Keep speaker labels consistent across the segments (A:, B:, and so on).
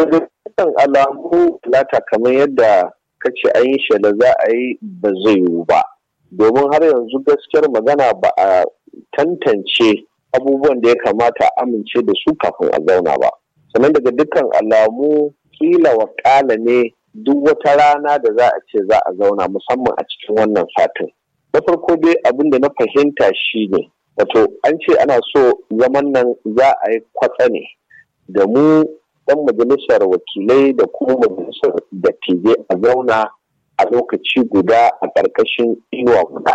A: daga cikin alamu lata kamar yadda kace an yi shela za a yi ba zai yiwu ba domin har yanzu gaskiyar magana ba a tantance abubuwan da ya kamata a amince da su kafin a zauna ba sannan daga dukkan alamu kila wakala ne duk wata rana da za a ce za a zauna musamman a cikin wannan fatin, na farko dai abin da na fahimta shi ne, wato an ce ana so zaman nan za a yi kwatsa ne da mu ɗan majalisar wakilai da kuma majalisar dattijai a zauna a lokaci guda a ƙarƙashin inuwa guda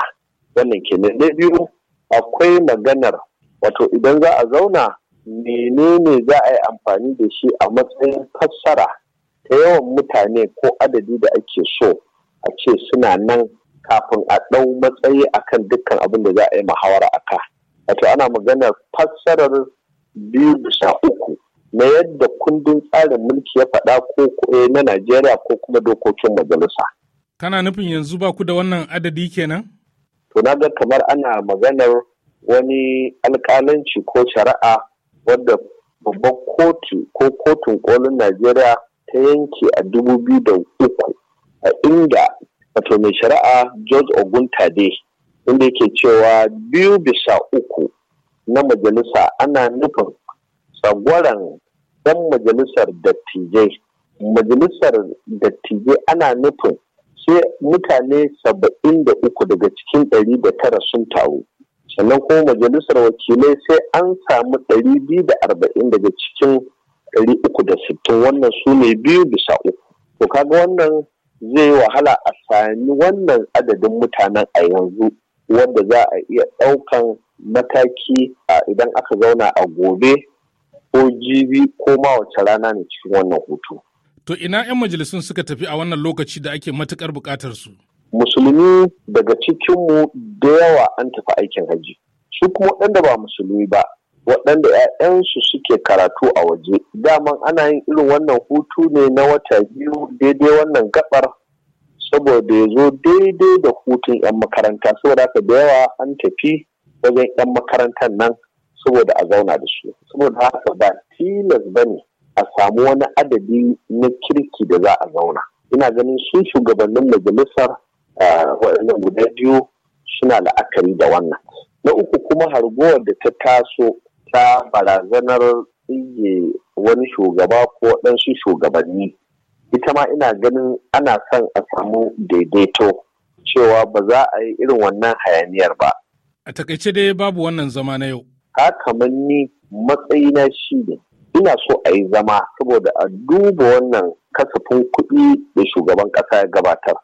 A: wannan kenan na biyu akwai maganar wato idan za a zauna menene za a yi amfani da shi a matsayin fassara ta yawan mutane ko adadi da ake so a ce suna nan kafin a ɗau matsayi akan dukkan abin da za a yi muhawara a ka wato ana maganar fassarar biyu bisa uku na yadda kundin tsarin mulki ya faɗa ko eh, na Najeriya ko kuma dokokin majalisa.
B: Kana nufin yanzu ba ku da wannan adadi kenan?
A: To na ga kamar ana maganar wani alƙalanci ko shari'a wadda babban kotu ko kotun kolin Najeriya ta yanke a dubu biyu da uku a inda wato mai shari'a George Oguntade inda yake cewa biyu bisa uku na majalisa ana nufin tsagwaran Idan majalisar dattijai majalisar dattijai ana nufin sai mutane saba'in da uku daga cikin ɗari da tara sun taru sannan kuma majalisar wakilai sai an samu ɗari biyu da arba'in daga cikin ɗari uku da sittin wannan su ne biyu bisa uku to kaga wannan zai yi wahala a sami wannan adadin mutanen a yanzu wanda za a iya ɗaukan mataki idan aka zauna a gobe ko jibi ko ma wace rana ne cikin wannan hutu.
B: To ina 'yan majalisun suka tafi a wannan lokaci da ake matukar buƙatar su?
A: Musulmi daga cikinmu da yawa an tafi aikin haji, Su kuma waɗanda ba musulmi ba, waɗanda 'ya'yansu suke karatu a waje. Daman ana yin irin wannan hutu ne na wata biyu daidai wannan gabar saboda ya zo daidai da hutun 'yan makaranta saboda haka da yawa an tafi wajen 'yan makarantar nan saboda a zauna da shi, saboda haka ba tilas ba ne a samu wani adadi na kirki da za a zauna ina ganin su shugabannin majalisar eh, waɗannan guda biyu suna la'akari da wannan na uku kuma harguwar da ta taso ta barazanar tsige wani shugaba ko ɗansu shugabanni ita ma ina ganin ana son a samu daidaito cewa ba za a yi irin wannan hayaniyar ba.
B: A takaice dai babu wannan zama na yau.
A: kamar ni matsayina shi ne ina so a yi zama saboda a duba wannan kasafin kuɗi da shugaban ƙasa ya gabatar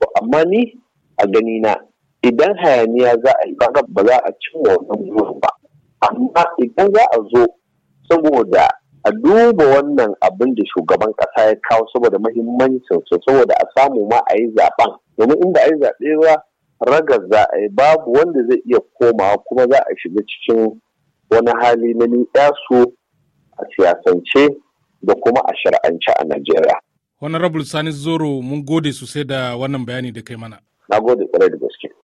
A: to amma ni a gani na. idan hayaniya za a yi ba za a cimma wannan burin ba amma idan za a zo saboda a duba wannan abin da shugaban ƙasa ya kawo saboda mahimmancinsa saboda a samu ma a yi zaɓen domin inda a yi zaɓe ba ragar za a yi babu wanda zai iya komawa kuma za a shiga cikin wani hali na ni'yasu a siyasance da kuma a shari'ance a Najeriya.
B: Honorable Sani Zoro mun gode sosai da wannan bayani da kai mana.
A: Na gode kwarai da gaske.